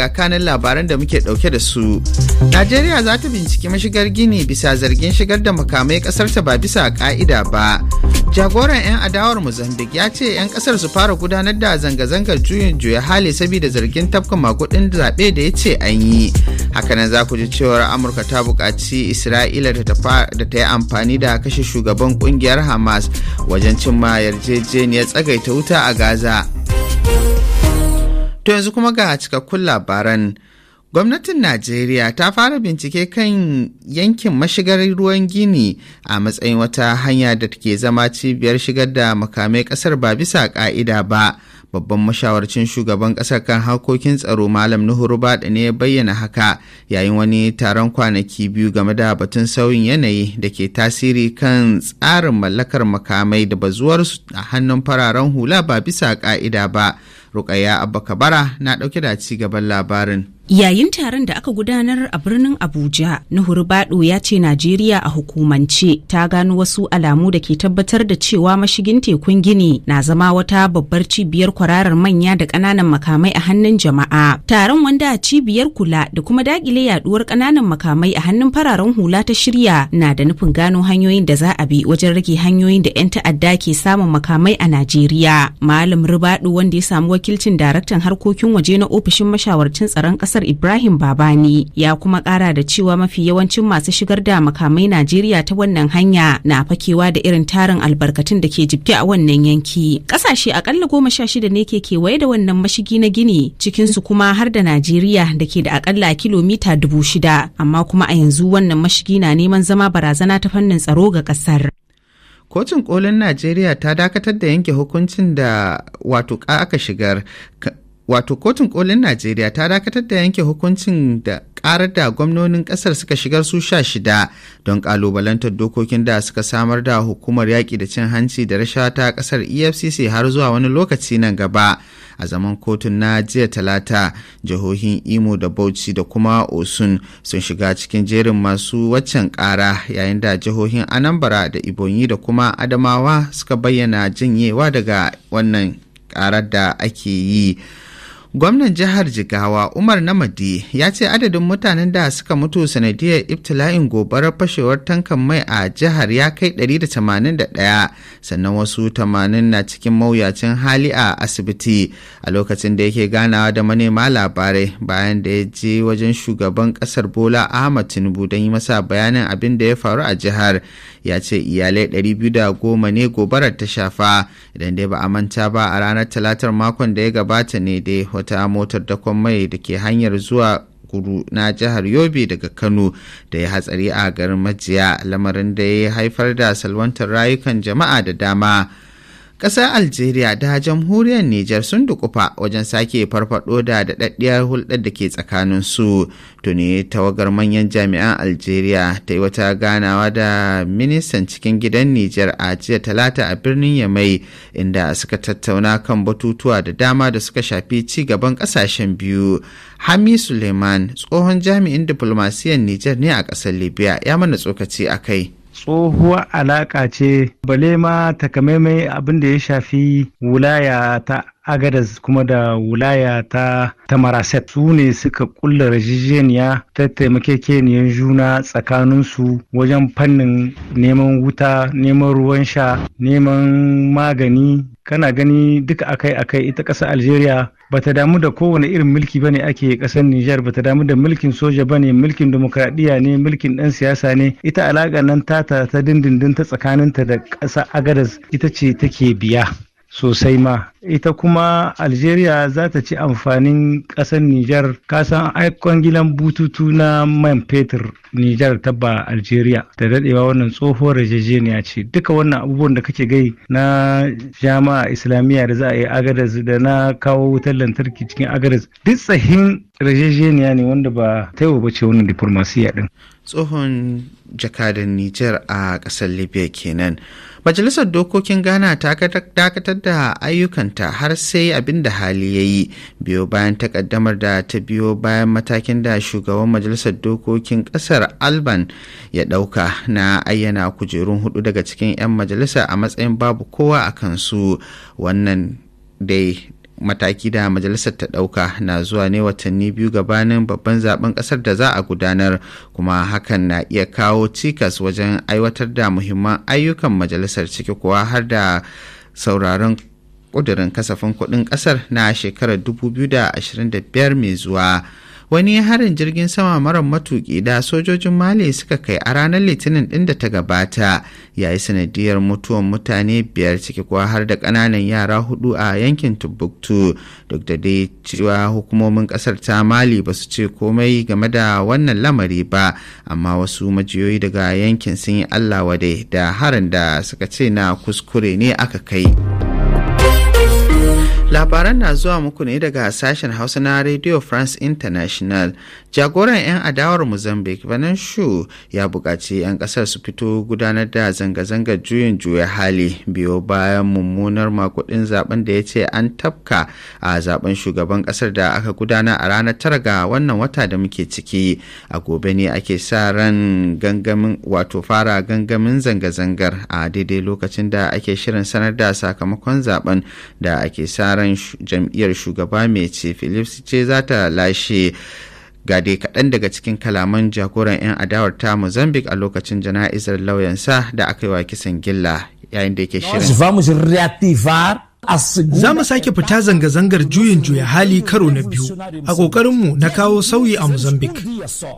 ga kanin labaran da muke dauke da su. Najeriya za ta binciki mashigar Gini bisa zargin shigar da makamai ta ba bisa ka'ida ba. Jagoran 'yan adawar Mozambique ya ce 'yan kasar su fara gudanar da zanga-zangar juyin juya hali saboda zargin tafka makudin zaɓe da ya ce an yi. Hakanan za ku ji cewar Amurka ta buƙaci Isra'ila da ta yi amfani da kashe shugaban ƙungiyar Hamas wajen cimma yarjejeniyar tsagaita wuta a Gaza. To yanzu kuma ga cikakkun labaran. Gwamnatin Najeriya ta fara bincike kan yankin mashigar ruwan Gini a matsayin wata hanya da take zama cibiyar shigar da makamai kasar ba bisa ka'ida ba. Babban mashawarcin shugaban kasar kan harkokin tsaro Malam Nuhuru Baɗi ne ya bayyana haka yayin wani taron kwanaki biyu game da batun sauyin yanayi da ke tasiri kan tsarin mallakar makamai da bazuwarsu a hannun fararen hula ba bisa ka'ida ba. Rukaya Abba Kabara na ɗauke da ci gaban labarin. Yayin taron da aka gudanar a birnin Abuja, Nuhuru Bado ya ce Najeriya a hukumance ta gano wasu alamu da ke tabbatar da cewa mashigin tekun Gini na zama wata babbar cibiyar kwararar manya da ƙananan makamai a hannun jama'a. Taron wanda a cibiyar kula da kuma dakile yaduwar ƙananan makamai a hannun fararen hula ta shirya na da nufin gano hanyoyin da za a bi wajen rage hanyoyin da 'yan ta'adda ke samun makamai a Najeriya. Malam Rubado wanda ya samu wakilcin daraktan harkokin waje na ofishin mashawarcin tsaron ƙasar Nasar Ibrahim Babani ya kuma kara da cewa mafi yawancin masu shigar da makamai Najeriya ta wannan hanya na fakewa da irin tarin albarkatun da ke jibge a wannan yanki. Kasashe akalla goma sha shida ne ke kewaye da wannan mashigi na Gini cikinsu kuma har da Najeriya da ke da akalla kilomita dubu shida amma kuma a yanzu wannan mashigi na neman zama barazana ta fannin tsaro ga kasar. Kotun kolin Najeriya ta dakatar da yanke hukuncin da wato aka shigar wato kotun kolin najeriya ta dakatar da yanke hukuncin da karar da gwamnonin kasar suka shigar su sha shida don kalubalantar dokokin da suka samar da hukumar yaƙi da cin hanci da rashawa ta kasar efcc har zuwa wani lokaci nan gaba a zaman kotun na jiya talata jihohin imo da bauchi da kuma osun sun shiga cikin jerin masu waccan kara yayin da jihohin anambara da ibonyi da kuma adamawa suka bayyana janyewa daga wannan karar da ake yi gwamnan jihar jigawa umar namadi ya ce adadin mutanen da suka mutu sanadiyar ibtila'in gobarar fashewar tankan mai a jihar ya kai 181 sannan wasu 80 na cikin mawuyacin hali a asibiti a lokacin da yake ganawa da manema labarai bayan da ya je wajen shugaban kasar bola ahmad tinubu don yi masa bayanin abin da ya faru a jihar ya ce iyalai 210 ne gobarar ta shafa idan dai ba a manta ba a ranar talatar makon da ya gabata ne dai wata motar dakon mai da ke hanyar zuwa kuru na jihar yobe daga kano da ya hatsari a garin majiya lamarin da ya haifar da salwantar rayukan jama'a da dama ƙasar algeria da jamhuriyar niger sun dukufa wajen sake farfaɗo da daɗaɗɗiyar hulɗar da ke tsakanin su tuni tawagar manyan jami'an algeria ta yi wata ganawa da ministan cikin gidan niger a jiya talata a birnin yamai inda suka tattauna kan batutuwa da dama da suka shafi ci gaban ƙasashen biyu hami suleiman tsohon jami'in diflomasiyyar niger ne a ƙasar libya ya mana tsokaci a kai tsohuwa alaƙa ce bale ma takamaimai abin da ya shafi wulaya ta agadas kuma da wulaya ta tamaraset su ne suka kulla rajijeniya ta taimakekeniyar juna tsakaninsu wajen fannin neman wuta neman ruwan sha neman magani kana gani duka akai-akai ita ƙasa algeria bata damu da kowane irin mulki bane ake kasar Nijar bata damu da mulkin soja bane mulkin demokradiyya ne mulkin ɗan siyasa ne ita alaƙa nan ta ta dindindin ta tsakaninta da ƙasa Agadas ita ce take biya sosai ma ita kuma algeria za ta ci amfanin ƙasar niger kasan aikon gilan bututu na man fetur niger ta ba algeria da daɗewa wannan tsohuwar rajejeniya ce duka wannan abubuwan da kake gai na jama'a islamiyya da za a yi agadas da na kawo wutar lantarki cikin agadas duk tsahin yarjejeniya ne wanda ba ta ba ce wannan diplomasiya din tsohon jakadan niger a ƙasar libya kenan Majalisar Dokokin Ghana ta dakatar da ayyukanta har sai abin da hali ya yi biyo bayan takaddamar da ta biyo bayan matakin da shugaban Majalisar Dokokin ƙasar Alban ya ɗauka na ayyana kujerun hudu daga cikin 'yan majalisa a matsayin babu kowa a kansu wannan dai mataki da majalisar ta ɗauka na zuwa ne watanni biyu gabanin babban zaben ƙasar da za a gudanar kuma hakan na iya kawo cikas wajen aiwatar da muhimman ayyukan majalisar ciki kuwa har da sauraron ƙudurin kasafin kuɗin ƙasar na shekarar 2025 mai zuwa. wani harin jirgin sama mara matuki da sojojin mali suka kai a ranar litinin ɗin da ta gabata ya yi sanadiyar mutuwan mutane biyar ciki kuwa har da ƙananan yara hudu a yankin tubuktu duk da dai cewa hukumomin ƙasar ta mali ba su ce komai game da wannan lamari ba amma wasu majiyoyi daga yankin sun yi allah da harin da suka ce na kuskure ne aka kai. Labaran na zuwa muku ne daga sashen Hausa na Radio France International. Jagoran 'yan adawar Mozambique Banan Shu ya buƙaci 'yan ƙasar su fito gudanar da zanga-zangar juyin juya hali biyo bayan mummunar makudin zaben da ya ce an tafka a zaben shugaban ƙasar da aka gudana a ranar tara ga wannan wata da muke ciki. A gobe ne ake sa ran gangamin wato fara gangamin zanga-zangar a daidai lokacin da ake shirin sanar da sakamakon zaben da ake sa ran jam'iyyar shugaba mai ce philips ce za ta lashe gade dai kaɗan daga cikin kalaman jagoran 'yan adawar ta mozambique a lokacin jana'izar lauyansa da aka yi wa kisan gilla yayin da yake shirin Za mu sake fita zanga-zangar juyin juya hali karo na biyu a ƙoƙarinmu na kawo sauyi a Mozambique.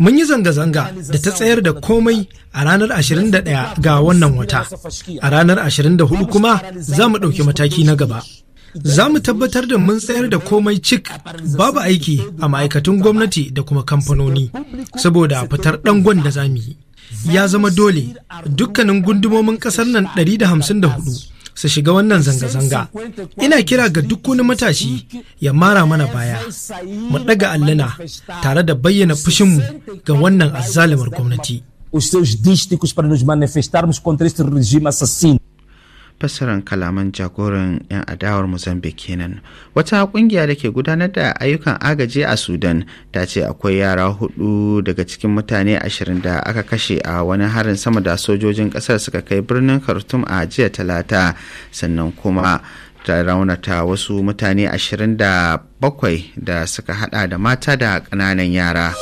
Mun yi zanga-zanga da ta tsayar da komai a ranar 21 ga wannan wata. A ranar 24 kuma za mu ɗauki mataki na gaba. za mu tabbatar da mun tsayar da komai cik babu aiki a ma'aikatun gwamnati da kuma kamfanoni saboda fitar dangon da za mu yi ya zama dole dukkanin gundumomin kasar nan 154 su shiga wannan zanga-zanga ina kira ga duk wani matashi ya mara mana baya mu ɗaga alluna tare da bayyana fushinmu ga wannan azzalumar gwamnati. Os seus dísticos fassarar kalaman jagoran 'yan adawar mozambique kenan wata kungiya da ke gudanar da ayyukan agaji a sudan ta ce akwai yara hudu daga cikin mutane ashirin da aka kashe a wani harin sama da sojojin kasar suka kai birnin khartoum a jiya talata sannan kuma ta raunata wasu mutane ashirin da bakwai da suka hada da mata da ƙananan yara.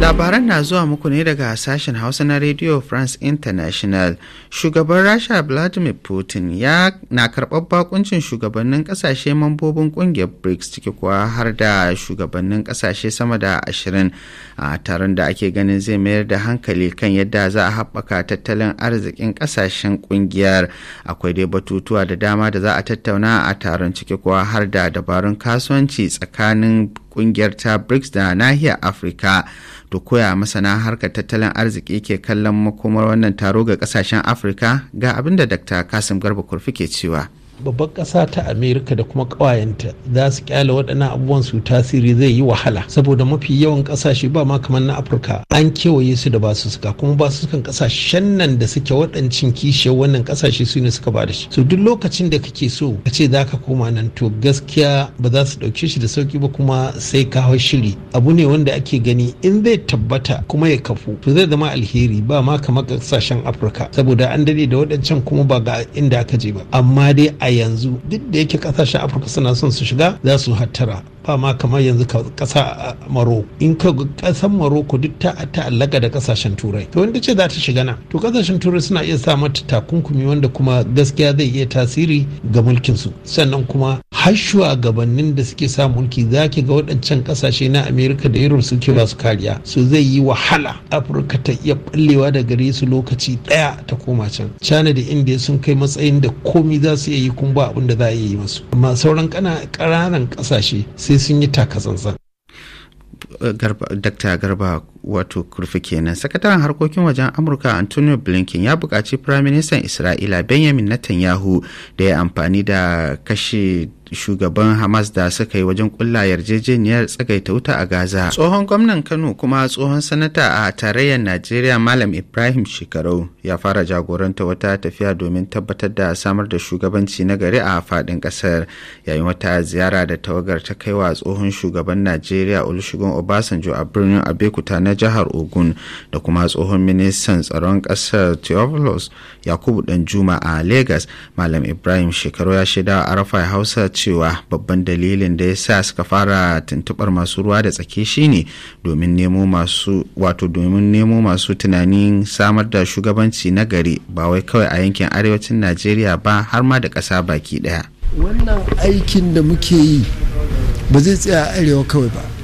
Labaran na zuwa muku ne daga sashen Hausa na Radio France International. Shugaban Rasha Vladimir Putin ya na karɓar bakuncin shugabannin ƙasashe mambobin ƙungiyar BRICS ciki kuwa har da shugabannin ƙasashe sama da ashirin a taron da ake ganin zai mayar da hankali kan yadda za a haɓaka tattalin arzikin ƙasashen ƙungiyar. Akwai dai batutuwa da dama da za a tattauna a taron ciki kuwa har da dabarun kasuwanci tsakanin kungiyar ta BRICS da nahiyar Afirka. To koya masana harkar tattalin arziki ke kallon makomar wannan taro ga kasashen Afirka ga abin da Dr. Kasim Garba Kurfi ke cewa. babban ƙasa ta amerika da kuma ƙawayenta za su kyale waɗannan abubuwan su tasiri zai yi wahala saboda mafi yawan ƙasashe ba ma kamar na afirka an kewaye su da basu suka kuma ba su sukan ƙasashen nan da suke waɗancin kishiyar wannan ƙasashe su ne suka ba da shi Su duk lokacin da kake so ka ce za ka koma nan to gaskiya ba za su ɗauke shi da sauki ba kuma sai ka hau shiri abu ne wanda ake gani in zai tabbata kuma ya kafu to zai zama alheri ba ma kamar ƙasashen afirka saboda an dade da waɗancan kuma ba ga inda aka je ba amma dai a a yanzu duk da yake kasashen afirka suna son su shiga za su hattara ma kamar yanzu kasa Maroko. in ka kasan maroko duk ta ta'allaka da kasashen turai to wanda ce za ta shiga nan to kasashen turai suna iya sa mata takunkumi wanda kuma gaskiya zai iya tasiri ga mulkin su sannan kuma har gabanin da suke sa mulki za ki ga waɗancan kasashe na amerika da europe suke ba su kariya su zai yi wahala afirka ta iya ballewa da gare su lokaci ɗaya ta koma can china da india sun kai matsayin da komi za su iya yi kun ba abin da za a iya yi masu amma sauran ƙananan kasashe sai sun yi taka tsantsan dr garba wato kurfi kenan sakataren harkokin wajen amurka antonio blinken ya buƙaci firaministan isra'ila benjamin netanyahu da ya amfani da kashe shugaban hamas da suka yi wajen kulla yarjejeniyar tsagaita wuta a gaza tsohon gwamnan kano kuma tsohon sanata a tarayyar najeriya malam ibrahim shekarau ya fara jagoranta wata tafiya domin tabbatar da samar da shugabanci na gari a faɗin ƙasar yayin wata ziyara da tawagar ta kaiwa tsohon shugaban najeriya olusegun obasanjo a birnin abekuta na jihar ogun da kuma tsohon ministan tsaron kasar theophilus yakubu danjuma a lagos malam ibrahim shekaru ya shaida a arafai hausa cewa babban dalilin da ya sa suka fara tuntubar masu ruwa da tsaki shine domin nemo masu wato domin nemo masu tunanin samar da shugabanci na gari ba wai kawai a yankin arewacin najeriya ba har ma da ƙasa baki ɗaya wannan aikin da muke yi ba zai tsaya a arewa kawai ba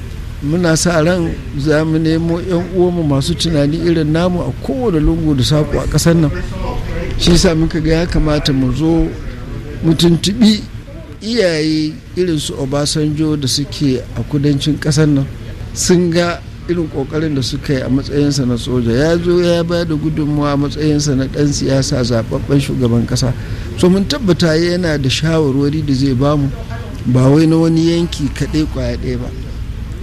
muna sa ran za mu nemo 'yan uwanmu masu tunani irin namu a kowane lungu da saƙo a ƙasar nan shi sa muka ga ya kamata mu zo mutuntubi iyaye irin su obasanjo da suke a kudancin ƙasar nan sun ga irin ƙoƙarin da suka yi a matsayinsa na soja ya zo ya ba da gudunmawa a matsayinsa na ɗan siyasa zababben shugaban ƙasa so mun tabbata yana da shawarwari da zai bamu ba wai na wani yanki kaɗai kwaya ɗaya ba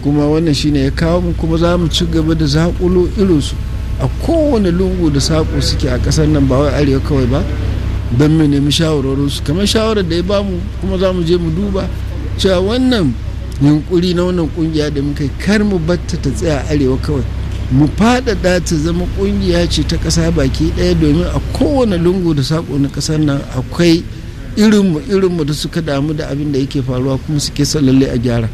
kuma wannan shine ya kawo mu kuma za mu ci gaba da zaƙulo irinsu a kowane lungu da saƙo suke a ƙasar nan ba wai arewa kawai ba don mu nemi shawararsu kamar shawarar da ya bamu kuma za mu je mu duba cewa wannan yunkuri na wannan kungiya da muka kar mu batta ta tsaya arewa kawai mu faɗaɗa ta zama ƙungiya ce ta ƙasa baki ɗaya domin a kowane lungu da saƙo na ƙasar nan akwai irinmu irinmu da suka damu da abin da yake faruwa kuma suke son lallai a gyara.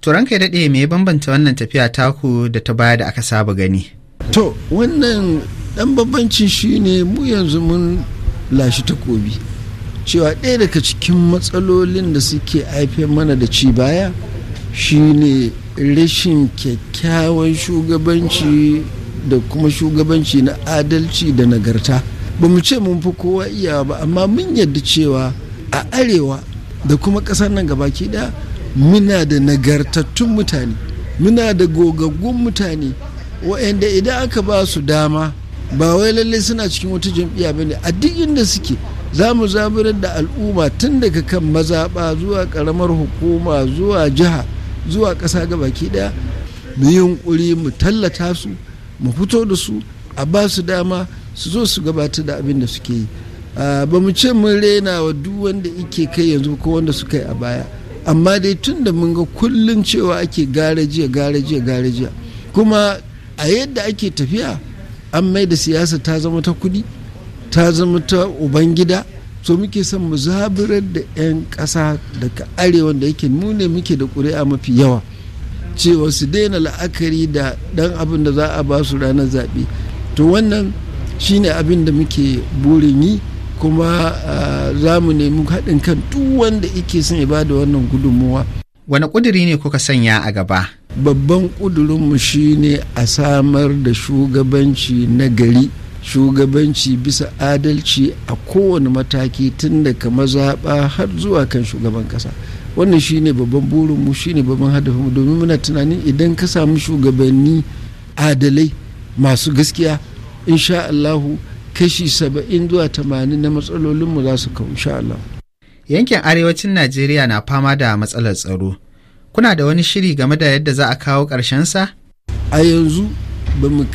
Turan kai ya daɗe mai ya bambanta wannan tafiya taku da ta baya da aka saba gani to wannan dan bambancin ne mu yanzu mun lashi takobi cewa ɗaya daga cikin matsalolin da suke haifar mana da ci baya shine rashin kyakkyawan shugabanci da kuma shugabanci na adalci da nagarta ba mu ce mun fi kowa iyawa ba amma mun yadda cewa a arewa da kuma ƙasar nan gabaki ɗaya muna da nagartattun mutane muna da gogaggun mutane waɗanda idan aka ba su dama ba wai lallai suna cikin wata jam'iyya bane a duk inda suke za mu zaburar da al'umma tun daga kan mazaɓa zuwa ƙaramar hukuma zuwa jiha zuwa ƙasa ga baki ɗaya mu yi mu tallata su mu fito da su a ba su dama su zo su gabata da abin da suke yi ah, ba mu ce mun rena wa duk wanda ike kai yanzu ko wanda suka yi a baya amma dai tun da mun ga kullum cewa ake gara jiya gara jiya gara jiya kuma a yadda ake tafiya an mai da siyasa ta zama ta kudi ta zama ta ubangida so muke son mu zaburar da 'yan ƙasa daga arewa da yake mu muke da ƙuri'a mafi yawa cewa su daina la'akari da ɗan abin da za a ba su ranar zaɓe to wannan shine abin da muke burin yi kuma ah, za mu nemi haɗin kan duk wanda yake son ya bada wannan gudunmuwa wani ƙuduri ne kuka sanya a gaba babban ƙudurinmu shi ne a samar da shugabanci na gari shugabanci bisa adalci a kowane mataki tun daga mazaɓa har zuwa kan shugaban ƙasa wannan shi ne babban burinmu shi ne babban hadafinmu domin muna tunanin idan ka samu shugabanni adalai masu gaskiya insha Allahu kashi saba'in zuwa tamanin na matsalolinmu za su kawo insha Allah. Yankin arewacin Najeriya na fama da matsalar tsaro. Kuna da wani shiri game da yadda za a kawo ƙarshensa? A yanzu ba mu